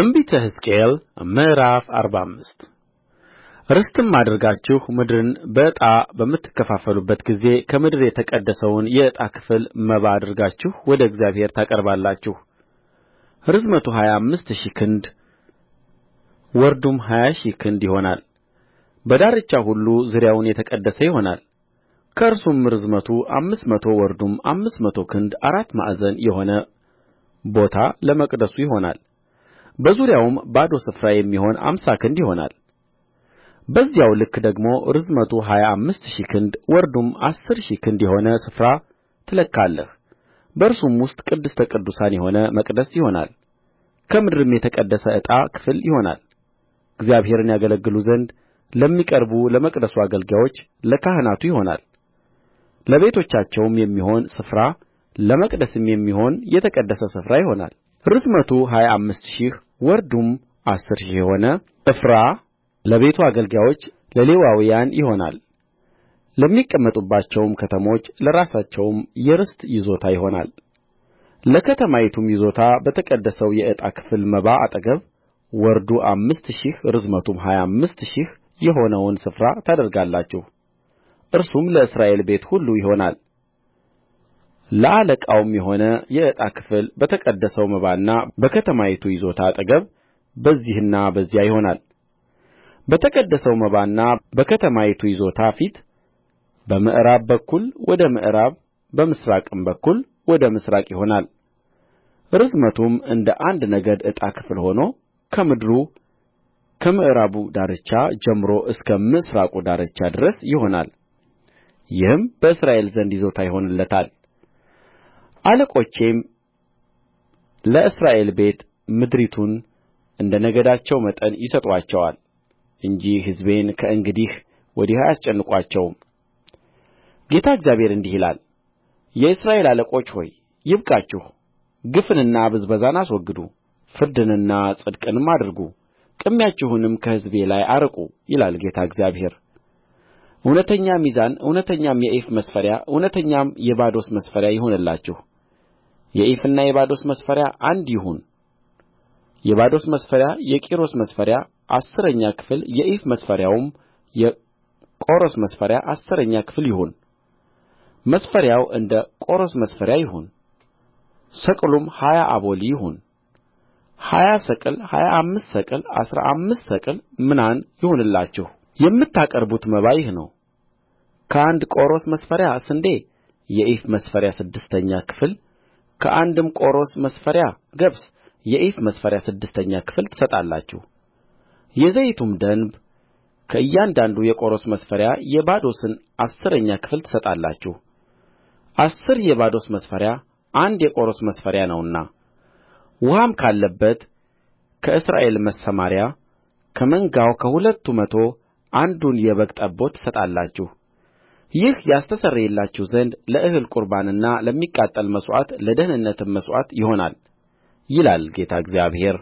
በትንቢተ ሕዝቅኤል ምዕራፍ አርባ አምስት ርስትም አድርጋችሁ ምድርን በዕጣ በምትካፈሉበት ጊዜ ከምድር የተቀደሰውን የዕጣ ክፍል መባ አድርጋችሁ ወደ እግዚአብሔር ታቀርባላችሁ ርዝመቱ ሀያ አምስት ሺህ ክንድ ወርዱም ሀያ ሺህ ክንድ ይሆናል በዳርቻው ሁሉ ዙሪያውን የተቀደሰ ይሆናል ከእርሱም ርዝመቱ አምስት መቶ ወርዱም አምስት መቶ ክንድ አራት ማዕዘን የሆነ ቦታ ለመቅደሱ ይሆናል በዙሪያውም ባዶ ስፍራ የሚሆን አምሳ ክንድ ይሆናል በዚያው ልክ ደግሞ ርዝመቱ ሀያ አምስት ሺህ ክንድ ወርዱም አሥር ሺህ ክንድ የሆነ ስፍራ ትለካለህ በእርሱም ውስጥ ቅድስተ ቅዱሳን የሆነ መቅደስ ይሆናል ከምድርም የተቀደሰ ዕጣ ክፍል ይሆናል እግዚአብሔርን ያገለግሉ ዘንድ ለሚቀርቡ ለመቅደሱ አገልጋዮች ለካህናቱ ይሆናል ለቤቶቻቸውም የሚሆን ስፍራ ለመቅደስም የሚሆን የተቀደሰ ስፍራ ይሆናል ርዝመቱ ሀያ አምስት ሺህ ወርዱም አሥር ሺህ የሆነ ዕፍራ ለቤቱ አገልጋዮች ለሌዋውያን ይሆናል ለሚቀመጡባቸውም ከተሞች ለራሳቸውም የርስት ይዞታ ይሆናል ለከተማይቱም ይዞታ በተቀደሰው የዕጣ ክፍል መባ አጠገብ ወርዱ አምስት ሺህ ርዝመቱም ሀያ አምስት ሺህ የሆነውን ስፍራ ታደርጋላችሁ እርሱም ለእስራኤል ቤት ሁሉ ይሆናል ለአለቃውም የሆነ የዕጣ ክፍል በተቀደሰው መባና በከተማይቱ ይዞታ አጠገብ በዚህና በዚያ ይሆናል በተቀደሰው መባና በከተማይቱ ይዞታ ፊት በምዕራብ በኩል ወደ ምዕራብ በምሥራቅም በኩል ወደ ምሥራቅ ይሆናል ርዝመቱም እንደ አንድ ነገድ ዕጣ ክፍል ሆኖ ከምድሩ ከምዕራቡ ዳርቻ ጀምሮ እስከ ምሥራቁ ዳርቻ ድረስ ይሆናል ይህም በእስራኤል ዘንድ ይዞታ ይሆንለታል አለቆቼም ለእስራኤል ቤት ምድሪቱን እንደ ነገዳቸው መጠን ይሰጡአቸዋል እንጂ ሕዝቤን ከእንግዲህ ወዲህ አያስጨንቋቸውም ጌታ እግዚአብሔር እንዲህ ይላል የእስራኤል አለቆች ሆይ ይብቃችሁ ግፍንና ብዝበዛን አስወግዱ ፍርድንና ጽድቅንም አድርጉ ቅሚያችሁንም ከሕዝቤ ላይ አርቁ ይላል ጌታ እግዚአብሔር እውነተኛ ሚዛን እውነተኛም የኢፍ መስፈሪያ እውነተኛም የባዶስ መስፈሪያ ይሁንላችሁ የኢፍና የባዶስ መስፈሪያ አንድ ይሁን የባዶስ መስፈሪያ የቂሮስ መስፈሪያ አሥረኛ ክፍል የኢፍ መስፈሪያውም የቆሮስ መስፈሪያ አሥረኛ ክፍል ይሁን መስፈሪያው እንደ ቆሮስ መስፈሪያ ይሁን ሰቅሉም ሀያ አቦሊ ይሁን ሀያ ሰቅል ሀያ አምስት ሰቅል አሥራ አምስት ሰቅል ምናን ይሁንላችሁ የምታቀርቡት መባ ይህ ነው ከአንድ ቆሮስ መስፈሪያ ስንዴ የኢፍ መስፈሪያ ስድስተኛ ክፍል ከአንድም ቆሮስ መስፈሪያ ገብስ የኢፍ መስፈሪያ ስድስተኛ ክፍል ትሰጣላችሁ የዘይቱም ደንብ ከእያንዳንዱ የቆሮስ መስፈሪያ የባዶስን አሥረኛ ክፍል ትሰጣላችሁ አሥር የባዶስ መስፈሪያ አንድ የቆሮስ መስፈሪያ ነውና ውኃም ካለበት ከእስራኤል መሰማሪያ ከመንጋው ከሁለቱ መቶ አንዱን የበግ ጠቦት ትሰጣላችሁ ይህ ያስተሰርይላችሁ ዘንድ ለእህል ቍርባንና ለሚቃጠል መሥዋዕት ለደኅንነትም መሥዋዕት ይሆናል ይላል ጌታ እግዚአብሔር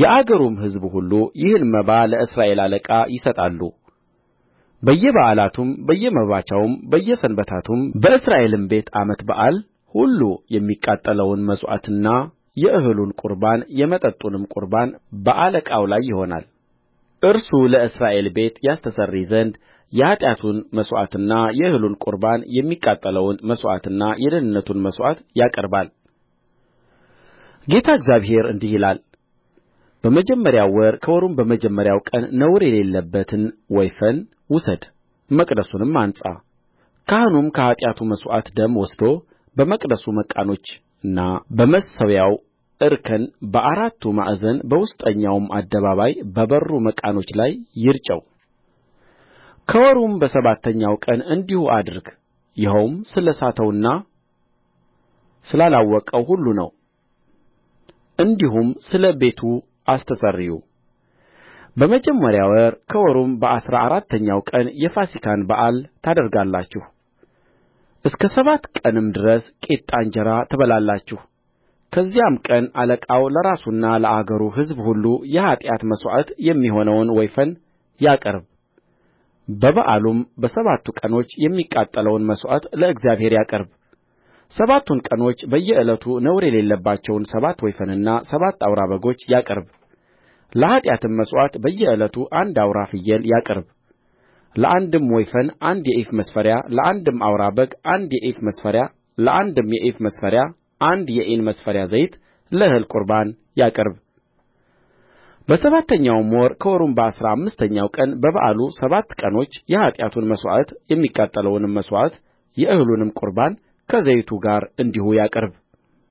የአገሩም ሕዝብ ሁሉ ይህን መባ ለእስራኤል አለቃ ይሰጣሉ በየበዓላቱም በየመባቻውም በየሰንበታቱም በእስራኤልም ቤት ዓመት በዓል ሁሉ የሚቃጠለውን መሥዋዕትና የእህሉን ቍርባን የመጠጡንም ቍርባን በአለቃው ላይ ይሆናል እርሱ ለእስራኤል ቤት ያስተሰርይ ዘንድ የኃጢአቱን መሥዋዕትና የእህሉን ቍርባን የሚቃጠለውን መሥዋዕትና የደኅንነቱን መሥዋዕት ያቀርባል ጌታ እግዚአብሔር እንዲህ ይላል በመጀመሪያው ወር ከወሩም በመጀመሪያው ቀን ነውር የሌለበትን ወይፈን ውሰድ መቅደሱንም አንጻ ካህኑም ከኃጢአቱ መሥዋዕት ደም ወስዶ በመቅደሱ መቃኖችና በመሠዊያው እርከን በአራቱ ማዕዘን በውስጠኛውም አደባባይ በበሩ መቃኖች ላይ ይርጨው ከወሩም በሰባተኛው ቀን እንዲሁ አድርግ ይኸውም ስለ ሳተውና ስላላወቀው ሁሉ ነው እንዲሁም ስለ ቤቱ አስተስርዩ በመጀመሪያ ወር ከወሩም በአሥራ አራተኛው ቀን የፋሲካን በዓል ታደርጋላችሁ እስከ ሰባት ቀንም ድረስ ቂጣ እንጀራ ትበላላችሁ ከዚያም ቀን አለቃው ለራሱና ለአገሩ ሕዝብ ሁሉ የኃጢአት መሥዋዕት የሚሆነውን ወይፈን ያቅርብ በበዓሉም በሰባቱ ቀኖች የሚቃጠለውን መሥዋዕት ለእግዚአብሔር ያቅርብ ሰባቱን ቀኖች በየዕለቱ ነውር የሌለባቸውን ሰባት ወይፈንና ሰባት አውራ በጎች ያቅርብ ለኃጢአትም መሥዋዕት በየዕለቱ አንድ አውራ ፍየል ያቅርብ ለአንድም ወይፈን አንድ የኢፍ መስፈሪያ ለአንድም አውራ በግ አንድ የኢፍ መስፈሪያ ለአንድም የኢፍ መስፈሪያ አንድ የኢን መስፈሪያ ዘይት ለእህል ቍርባን ያቅርብ በሰባተኛውም ወር ከወሩም በአሥራ አምስተኛው ቀን በበዓሉ ሰባት ቀኖች የኃጢአቱን መሥዋዕት የሚቃጠለውንም መሥዋዕት የእህሉንም ቍርባን ከዘይቱ ጋር እንዲሁ ያቅርብ